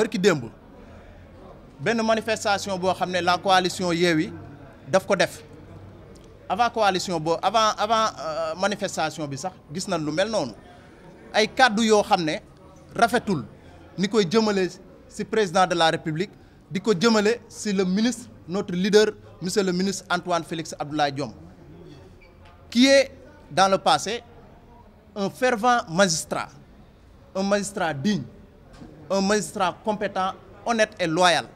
barki démb benn manifestation boo xam ne la coalition Yewwi daf ko def avant coalition boo avant avant euh, manifestation bi sax gis nañ lu mel noonu ay kàddu yoo xam ne rafetul ni koy jëmale si président de la république di ko jëmale si le ministre notre leader monsieur le ministre Antoine Félix Abdoulaye Diome qui est dans le passé un fervent magistrat un magistrat digne un magistrat compétent, honnête et loyal,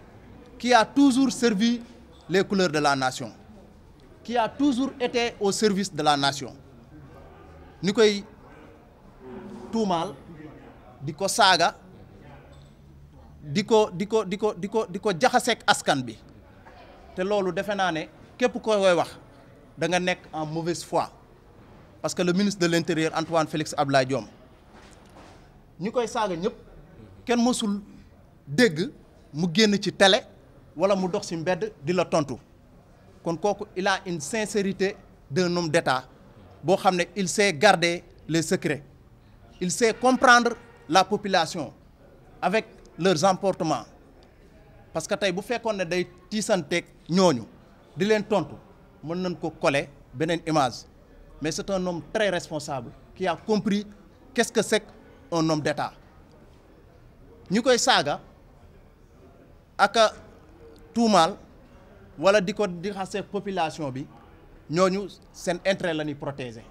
qui a toujours servi les couleurs de la nation, qui a toujours été au service de la nation. ni koy tuumaal di ko saaga di ko di ko di ko di ko di ko jaxaseeg askan bi te loolu defe naa ne képp ko koy wax danga nekk en mauvaise fois parce que le ministre de l'intérieur Antoine Félix Abdoulaye Diome ñu koy saaga ñëpp kenn mosul dégg mu génn ci télé wala mu dox ci mbedd di la tontu kon kooku il a une sincérité d'un homme d'État boo xam ne il sait gardé les secrets il sait comprendre la population avec leurs emportements parce que tey bu fekkoon ne day tiisanteeg ñooñu di leen tontu mën nañ ko coller beneen image mais c'est un homme très responsable ki a compris quest que c'est qu'un homme d'État ñu koy saaga ak a tuumaal wala di ko di xase population bi ñooñu seen intérêt la ñuy protéger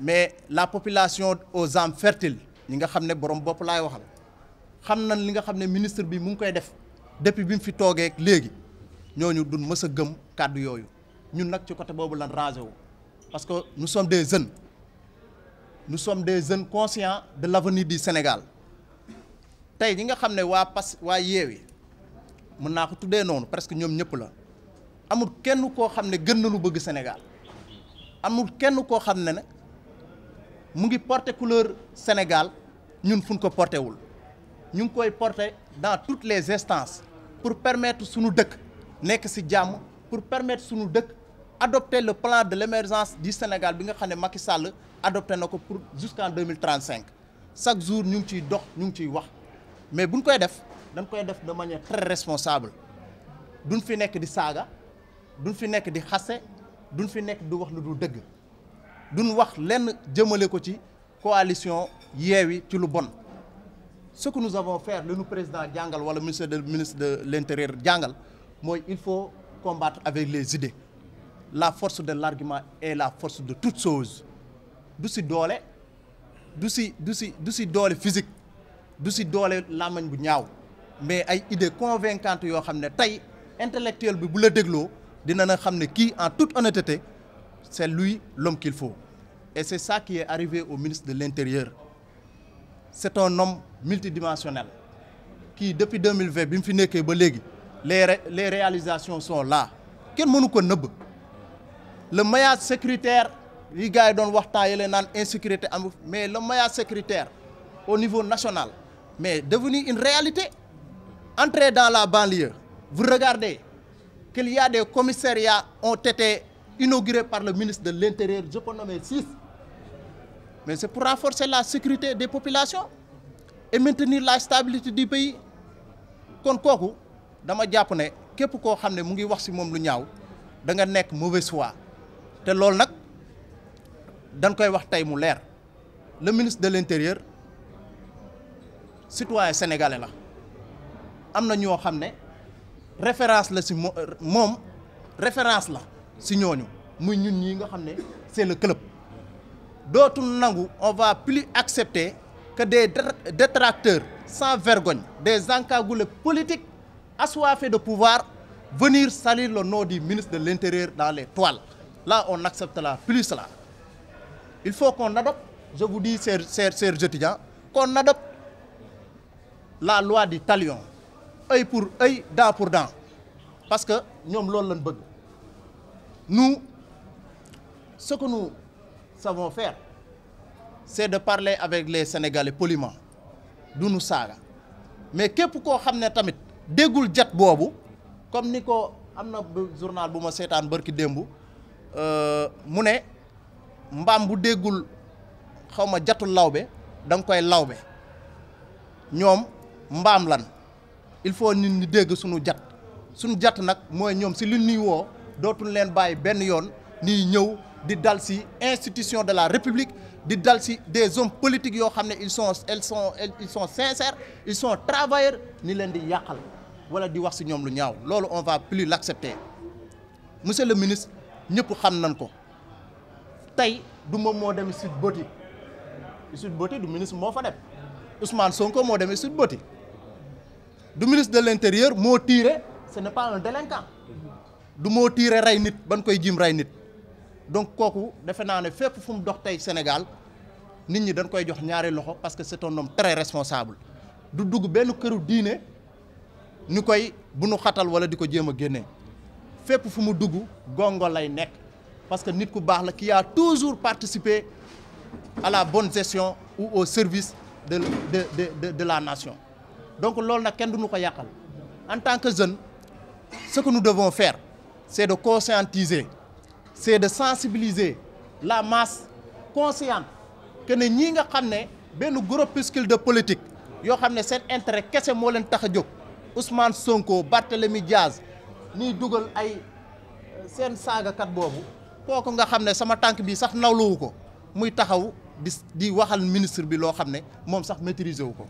mais la population au âmes fertile ñi nga xam ne borom bopp laay waxal xam na li nga xam ne ministre bi mu ngi koy def depuis bi mu fi toogee léegi ñooñu duñ mës a gëm kàddu yooyu ñun nag ci côté boobu lan rangé wu parce que nous sommes des jeunes nous sommes des jeunes conscients de l'avenir du Sénégal tey ñi nga xam ne waa pas waa yeewi mun naa ko tuddee noonu presque ñoom ñëpp la amul kenn koo xam ne gën na bëgg Sénégal amul kenn koo xam ne ne mu ngi porter couleur Sénégal ñun fun ko porté wul ñu ngi koy porté dans toutes les instances pour permettre suñu dëkk nekk si jàmm pour permettre suñu dëkk adopter le plan de l'émergence du Sénégal bi nga xam ne Macky sàll adopté na ko pour jusqu'en 2035 chaque jour ñu ngi ciy dox ñu ngi ciy wax mais bu buñ koy def dañ koy def de manière très responsable duñ fi nekk di saaga duñ fi nekk di xase duñ fi nekk du wax lu du dëgg duñ wax lenn jëmale ko ci coalition Yewwi ci lu bon ce que nous avons faire lu nu président jàngal wala ministre de ministre de l'intérieur jàngal mooy il faut combattre avec les idées la force de l'argument et la force de toute chose du si doole du si du si du si doole physique du si doole làmmañ bu ñaaw mais ay idées convaincantes yoo xam ne tey intellectuel bi bu la dégloo dina na xam ne kii en toute honnêteté c'est luy l'homme qu'il faut et c'est ça qui est arrivé au ministre de l'intérieur c'est un homme multidimensionnel kii depuis 2020 bi mu fi nekkee ba léegi les ré les réalisations sont là kenn mënu ko nëbb le maillage sécuritaire li gars yi doon waxtaan yële naan insécurité am mais le maillage sécuritaire au niveau national mais devenu une réalité entrez dans la banlieue vous regardez qu'il y a des commissariats ont été inaugurés par le ministre de l'intérieur je peux mais c'est pour renforcer la sécurité des population et maintenir la stabilité du pays kon kooku dama jàpp ne képp koo xam ne mu ngi wax si moom lu ñaaw da nga nekk mauvaise foi te loolu nag dan koy wax tey mu leer le ministre de l'intérieur citoyen sénégalais la am na ñoo xam ne référence la si moom référence la si ñooñu muy ñun ñi nga xam ne c'est le club dootul nangu on va plus accepter que des détracteurs sans vergogne des encagoulés politiques assoiffés de pouvoir venir salir le nom du ministre de l'intérieur dans les toiles là on n'acceptera plus la il faut qu'on adopte je vous dis chers chers chers étudiants la loi du talion ay pour ay dent pour dent parce que ñoom loolu lañ bëgg nu ce que nous savons faire c'est de parler avec les Sénégalais poliment du nu saaga mais képp koo xam ne tamit déggul jat boobu comme ni ko am na journal bu ma seetaan bërki démb euh, mu ne mbaam bu déggul xaw ma jatu lawbe da nga koy lawbe ñoom mbaam lan il faut nit ñi dégg suñu jat suñu jat nag mooy ñoom si li ñuy woo dootuñ leen bàyyi benn yoon nii ñëw di dal si institution de la république di dal si des hommes politiques yoo xam ne ils sont ils sont ils sont sincères son sont travailleurs ni leen di yàqal wala di wax si ñoom lu ñaaw loolu on va plus l'accepter monsieur le ministre ñëpp xam nañ ko tey du moom moo dem Sweet Beauty Sweet Beauty du ministre moo fa dem Ousmane Sonko moo demee Sweet Beauty du ministre de l'intérieur moo tiire ce n'est pas du moo tiire rey nit ban koy jiim rey nit donc kooku defe naa ne fépp fu dox tey Sénégal nit ñi dañ koy jox ñaari loxo parce que c'est un homme très responsable du dugg benn këru diine ñu koy bu nu xatal wala di ko jéem a génne fépp fu mu dugg gongo lay nekk parce que nit ku baax la qui a toujours participer à la bonne gestion ou au service de de de de, de la nation donc loolu nag kenn du ñu ko yàqal en tant que jeune ce que nous devons faire c'est de conscientiser c'est de sensibiliser la masse consciente que ñii nga xam ne benn groupuscule de politique yoo xam ne seen intérêt kese moo leen tax a jóg Ousmane Sonko Barthélemy Diaz ñuy dugal ay euh, seen saagakat boobu kooku nga xam ne sama tànk bii sax nawluwu ko muy taxaw di di waxal ministre bi loo xam ne moom sax maîtriser wu ko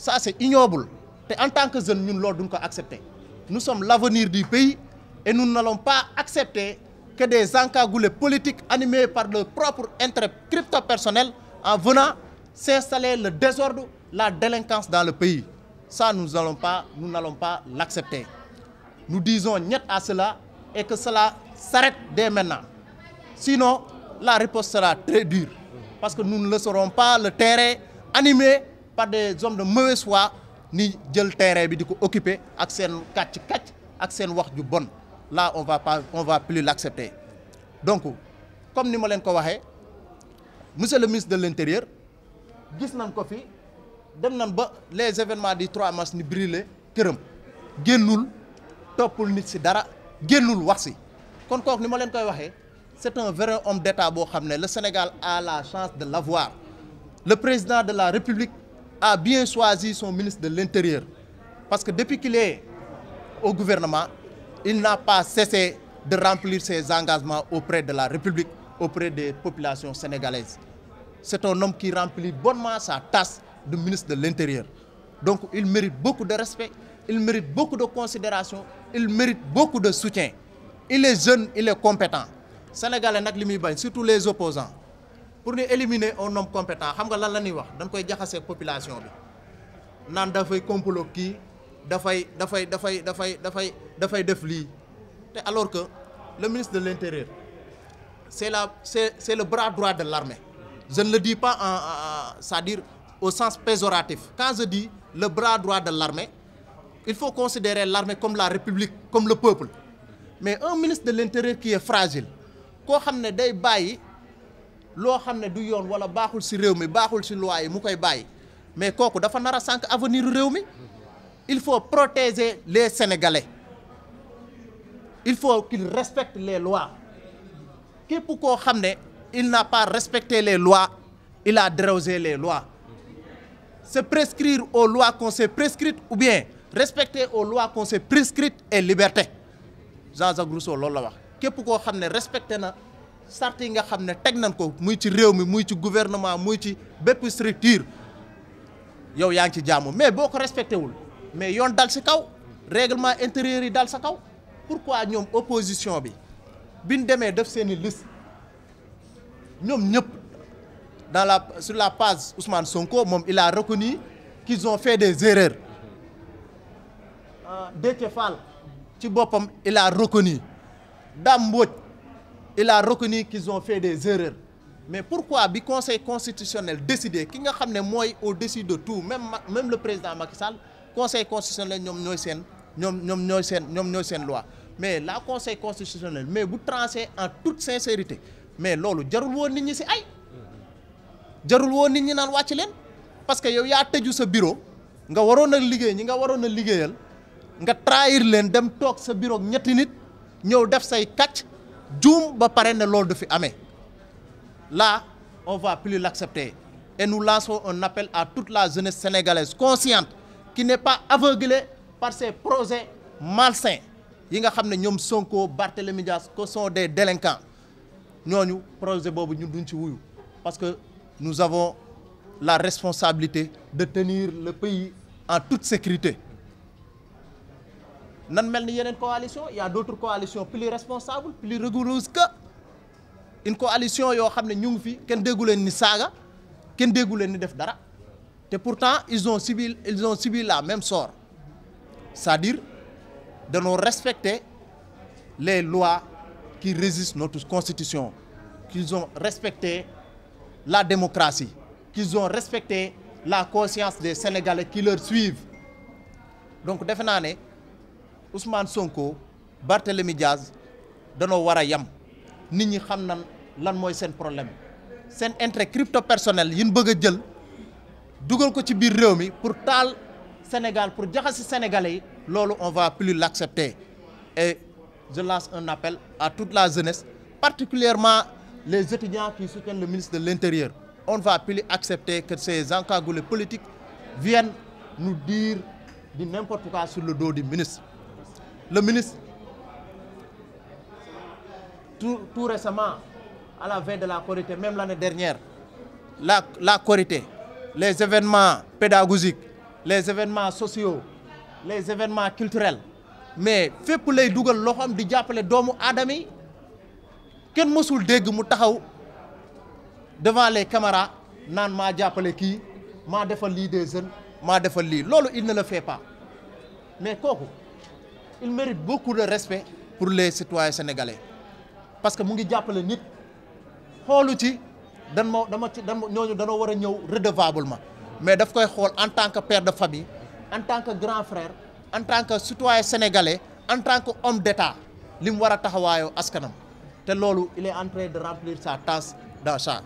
ça c'est ignoble te en tant que jeune ñun loolu duñ ko accepter nous sommes l'avenir du pays et nous n'allons pas accepter que des encagoulés politiques animés par leur propre intérêt crypto-personnel en venant s'installer le désordre, la délinquance dans le pays. Ça, nous n'allons pas, nous n'allons pas l'accepter. Nous disons niet à cela et que cela s'arrête dès maintenant. Sinon, la réponse sera très parce que nous ne laisserons pas le terrain animé par des hommes de mauvaise foi ni jël terrain bi di ko occuper ak seen kàcc-kàcc ak seen wax ju bon là on va pas on va plus l'accepter donc comme ni ma leen ko waxee monsieur le ministre de l'intérieur gis nañ ko fi dem nañ ba les événements du 3 mars ni brûlé këram génnul toppul nit si dara génnul wax si kon kooku ni ma leen koy waxee c'est un vrai homme d'État boo xam ne la Sénégal à la chance de l'avoir le président de la République a bien choisi son ministre de l'Intérieur. Parce que depuis qu'il est au gouvernement, il n'a pas cessé de remplir ses engagements auprès de la République, auprès des populations sénégalaises. C'est un homme qui remplit bonnement sa tasse de ministre de l'Intérieur. Donc il mérite beaucoup de respect, il mérite beaucoup de considération, il mérite beaucoup de soutien. Il est jeune, il est compétent. Sénégalais nak li muy bañ surtout les opposants pour ñu éliminer un homme compétent xam nga lan la ñuy wax dañ koy jaxasee population bi naan dafay complot kii dafay dafay dafay dafay dafay dafay def lii te alors que le ministre de l'intérieur c'est la c'est c'est le bras droit de l'armée je ne le dis pas en c'est-à-dire au sens péjoratif quand je dis le bras droit de l'armée il faut considérer l'armée comme la république comme le peuple mais un ministre de l'intérieur qui est fragile koo xam ne day bàyyi loo xam ne du yoon wala baaxul si réew mi baaxul si loi yi mu koy bàyyi mais kooku dafa nara a sànq avenir réew mi il faut protéger les sénégalais il faut qu'ils respectent les loi képp koo xam ne il n'a pas respecté les lois il a dérogé les lois se prescrire au lois qu'on s'est prescrites ou bien lois qu'on s'est prescrites et liberté Jean-Jacques Rousseau loolu la wax képp koo xam ne respecté na sart yi nga xam ne teg nañ ko muy ci réew mi muy ci gouvernement muy ci bépp structure yow yaa ngi ci jàmm mais boo ko respecté wul mais yoon dal si kaw réglement intérieur yi dal sa kaw pourquoi ñoom opposition bi bi biñ demee def seeni liste ñoom ñëpp dans la sur la page Ousmane Sonko moom il a reconnu qu'ils ont fait des erreurs euh, Déthié Fall ci boppam il a reconnu Dame il a reconnu son ont fait des erreurs mais pourquoi bi conseil constitutionnel décidé ki nga xam ne mooy au-dessus de tout même même le président Macky Sall conseil constitutionnel ñoom ñooy seen ñoom ñoom ñooy seen ñoom ñooy seen loi mais la conseil constitutionnel mais bu tranché en toute sincérité mais loolu jarul woon nit ñi si ay jarul woo nit ñi naan wàcc leen parce que yow yaa tëju sa bureau nga waroon a liggéey ñi nga waroon a liggéeyal nga trahir leen dem toog sa bureau ñetti nit ñëw def say kàcc juum ba pare ne loolu du fi amee là on va plus l'accepter et nous lançons un appel à toute la jeunesse sénégalaise consciente qui n'est pas aveuglée parce que projet malsains yi nga xam ne ñoom Sonko Barthélémy Dias que son des délinquants ñooñu projet boobu ñu duñ ci wuyu parce que nous avons la responsabilité de tenir le pays en toute sécurité nan mel ni yeneen coalition il y a d'autres coalitions plus responsables plus rigoureuses que une coalition yoo xam ne ñu ngi fi kenn déggu leen ni saaga kenn déggu leen ni def dara te pourtant ils ont subi ils ont subi la même sort c'est-à-dire dañoo respecter les lois qui régissent notre constitution qu'ils ont respecté la démocratie qu'ils ont respecté la conscience des Sénégalais qui leur suivent donc defe naa ne Ousmane Sonko Barthélemy Diaz danoo war a yem nit ñi xam nan lan mooy seen problème seen intérêt crypto personnel yi ñu bëgg a jël dugal ko ci biir réew mi pour taal Sénégal pour jaxasi sénégalais yi loolu on va plus l'accepter et je lance un appel à toute la jeunesse particulièrement les étudiants qui soutiennent le ministre de l'Intérieur on ne va plus accepter que ces encagoulés politiques viennent nous dire du n'importe quoi sur le dos du ministre le ministre tout tout récemment à la veille de la Korité même l'année dernière la la quarité les événements pédagogiques les événements sociaux les événements culturels mais fépp lay dugal loxoom di jàppale doomu aadama kenn mësul dégg mu taxaw devant les caméras naan maa jàppale kii maa defal lii des jeunes maa defal lii loolu il ne le mais kooku. il mérite beaucoup de respect pour les citoyens sénégalais parce que mu ngi jàppale nit xoolu ci dan ma dama ci dan ñooñu danoo war a ñëw redevable ma mais daf koy xool en tant que père de famille en tant que grand frère en tant que citoyen sénégalais en tant que homme d'état li mu war a taxawaayoo askanam te loolu il est en train de remplir sa tâche dans ça